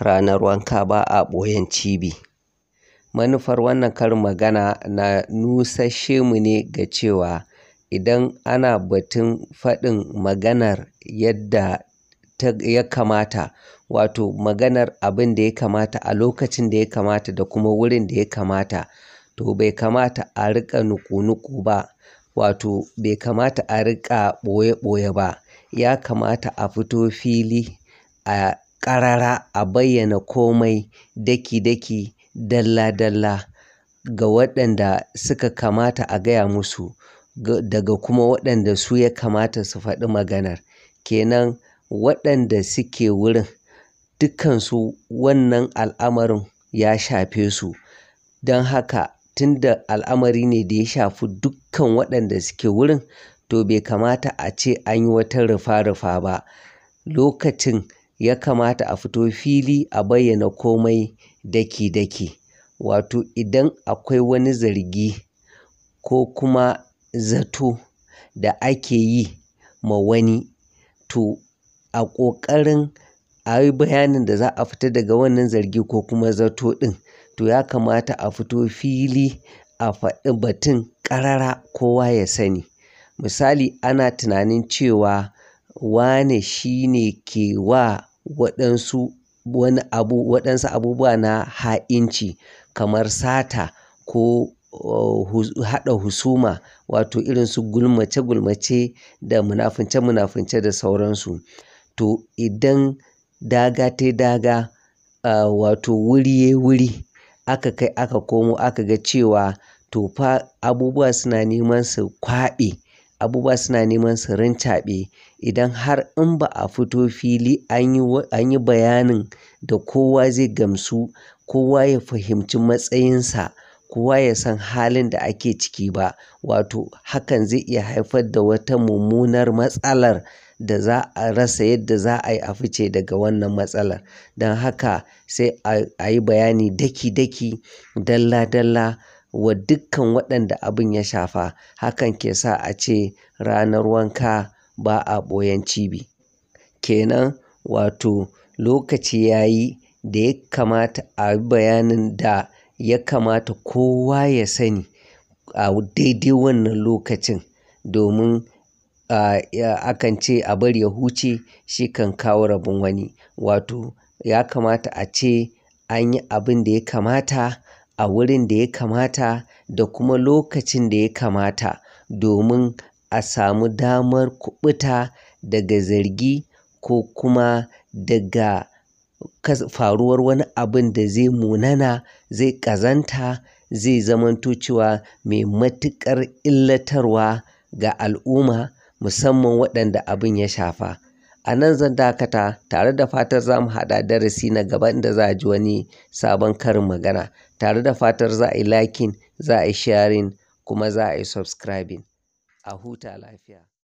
ranar wanka ba a ɓoyen cibi. Manufar wannan karin magana na nusashe mu ne ga cewa idan ana batun faɗin maganar yadda ya kamata, wato maganar abin da ya kamata a lokacin da ya kamata da kuma wurin da ya kamata, to bai kamata a riƙa nuku-nuku ba, wato bai kamata a riƙa ɓoye-ɓoye ba. Ya kamata a fito fili a ƙarara a bayyana komai daki-daki, dalla-dalla ga waɗanda suka kamata a gaya musu daga kuma waɗanda su ya kamata su faɗi maganar. kenan waɗanda suke wurin dukkansu wannan al'amarin ya shafe su. Don haka tun da al'amari ne da ya shafi dukkan waɗanda suke wurin, to bai kamata a ce an yi wata rufa-rufa ba. Lokacin ya kamata a fito fili a bayyana komai daki-daki wato idan akwai wani zargi ko kuma zato da ake yi ma wani to a ƙoƙarin a yi bayanin da za a fita daga wannan zargi ko kuma zato ɗin to ya kamata a fito fili a faɗi batun ƙarara kowa ya sani misali ana tunanin cewa wane shi ne ke wa waɗansu wani abu waɗansu abubuwa na ha'inci kamar sata ko uh, haɗa husuma wato irin su gulmace-gulmace da munafunce-munafunce da sauransu to idan daga ta daga uh, wato wuri ya wuri aka kai aka komo aka ga cewa to fa abubuwa suna neman su kwaɓe abubuwa suna neman su rincaɓe idan har in ba a fito fili an yi bayanin da kowa zai gamsu kowa ya fahimci matsayinsa kowa ya san halin da ake ciki ba wato hakan zai iya haifar da wata mummunar matsalar da za a rasa yadda za a yi a fice daga wannan matsalar don haka sai a yi bayani daki-daki dalla-dalla wa dukkan waɗanda abin ya shafa hakan ke sa a ce ranar wanka ba a ɓoyan cibi kenan wato lokaci ya yi da ya kamata a yi bayanin da ya kamata kowa ya sani a daidai wannan lokacin domin akan ce a bari ya huce shi kan kawo rabin wani wato ya kamata a ce an yi abin da ya kamata a wurin da ya kamata da kuma lokacin da ya kamata domin a samu damar kuɓuta daga zargi ko kuma daga faruwar wani abin da zai munana zai ƙazanta zai zamanto cewa mai matuƙar illatarwa ga al'umma musamman waɗanda abin ya shafa. A nan zan dakata tare da fatar za mu haɗa darasi na gaba inda za a ji wani sabon karin magana. Tare da fatar za a yi liking, za a yi sharing kuma za a yi subscribing. A huta lafiya.